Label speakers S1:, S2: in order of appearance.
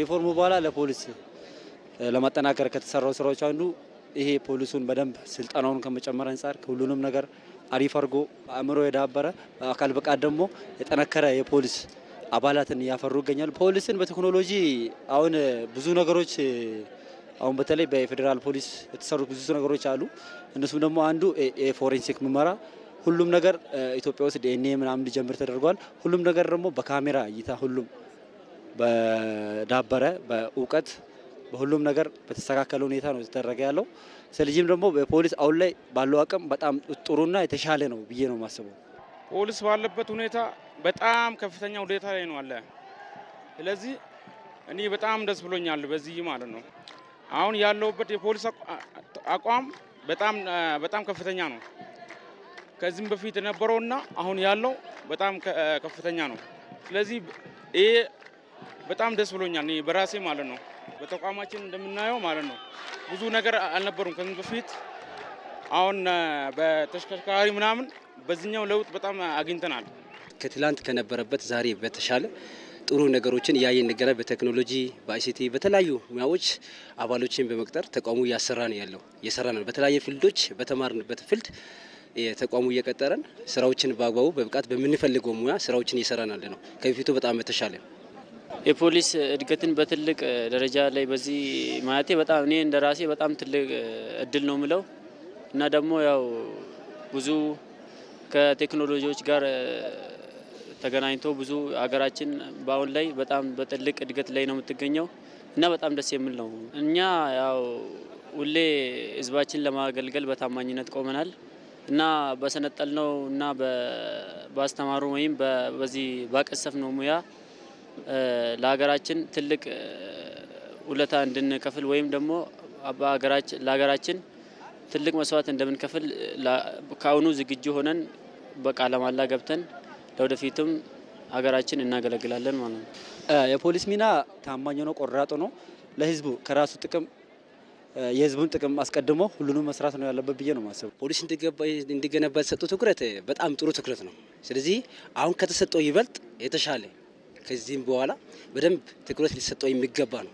S1: ሪፎርሙ በኋላ ለፖሊስ ለማጠናከር ከተሰራው ስራዎች አንዱ ይሄ ፖሊሱን በደንብ ስልጠናውን ከመጨመር አንጻር ሁሉንም ነገር አሪፍ አድርጎ አእምሮ የዳበረ አካል ብቃት ደግሞ የጠነከረ የፖሊስ አባላትን እያፈሩ ይገኛል። ፖሊስን በቴክኖሎጂ አሁን ብዙ ነገሮች አሁን በተለይ በፌዴራል ፖሊስ የተሰሩ ብዙ ነገሮች አሉ። እነሱም ደግሞ አንዱ የፎሬንሲክ ምርመራ ሁሉም ነገር ኢትዮጵያ ውስጥ ዲኤንኤ ምናምን ሊጀምር ተደርጓል። ሁሉም ነገር ደግሞ በካሜራ እይታ ሁሉም በዳበረ በእውቀት በሁሉም ነገር በተስተካከለ ሁኔታ ነው የተደረገ ያለው። ስለዚህም ደግሞ በፖሊስ አሁን ላይ ባለው አቅም በጣም ጥሩና የተሻለ ነው ብዬ ነው የማስበው።
S2: ፖሊስ ባለበት ሁኔታ በጣም ከፍተኛ ሁኔታ ላይ ነው አለ። ስለዚህ እኔ በጣም ደስ ብሎኛል በዚህ ማለት ነው። አሁን ያለውበት የፖሊስ አቋም በጣም በጣም ከፍተኛ ነው። ከዚህም በፊት የነበረውና አሁን ያለው በጣም ከፍተኛ ነው። ስለዚህ ይሄ በጣም ደስ ብሎኛል። እኔ በራሴ ማለት ነው በተቋማችን እንደምናየው ማለት ነው ብዙ ነገር አልነበሩም ከዚህ በፊት። አሁን በተሽከርካሪ ምናምን በዚኛው ለውጥ በጣም አግኝተናል።
S1: ከትላንት ከነበረበት ዛሬ በተሻለ ጥሩ ነገሮችን እያየን እንገናል። በቴክኖሎጂ በአይሲቲ በተለያዩ ሙያዎች አባሎችን በመቅጠር ተቋሙ እያሰራ ነው ያለው እየሰራ ነው። በተለያየ ፊልዶች በተማርንበት ፊልድ ተቋሙ እየቀጠረን ስራዎችን በአግባቡ በብቃት በምንፈልገው ሙያ ስራዎችን እየሰራን ያለ ነው። ከፊቱ በጣም በተሻለ
S3: የፖሊስ እድገትን በትልቅ ደረጃ ላይ በዚህ ማለቴ በጣም እኔ እንደ ራሴ በጣም ትልቅ እድል ነው ምለው እና ደግሞ ያው ብዙ ከቴክኖሎጂዎች ጋር ተገናኝቶ ብዙ ሀገራችን በአሁን ላይ በጣም በትልቅ እድገት ላይ ነው የምትገኘው እና በጣም ደስ የሚል ነው። እኛ ያው ሁሌ ህዝባችን ለማገልገል በታማኝነት ቆመናል እና በሰነጠል ነው እና ባስተማሩ ወይም በዚህ ባቀሰፍ ነው ሙያ ለሀገራችን ትልቅ ውለታ እንድንከፍል ወይም ደግሞ ለሀገራችን ትልቅ መስዋዕት እንደምንከፍል ከአሁኑ ዝግጁ ሆነን በቃለ ማላ ገብተን ለወደፊቱም ሀገራችን እናገለግላለን ማለት ነው።
S1: የፖሊስ ሚና ታማኝ ነው፣ ቆራጥ ነው። ለህዝቡ ከራሱ ጥቅም የህዝቡን ጥቅም አስቀድሞ ሁሉንም መስራት ነው ያለበት ብዬ ነው ማሰብ። ፖሊስ እንዲገነባ የተሰጠው ትኩረት በጣም ጥሩ ትኩረት ነው። ስለዚህ አሁን ከተሰጠው ይበልጥ የተሻለ ከዚህም በኋላ በደንብ ትኩረት ሊሰጠው የሚገባ ነው።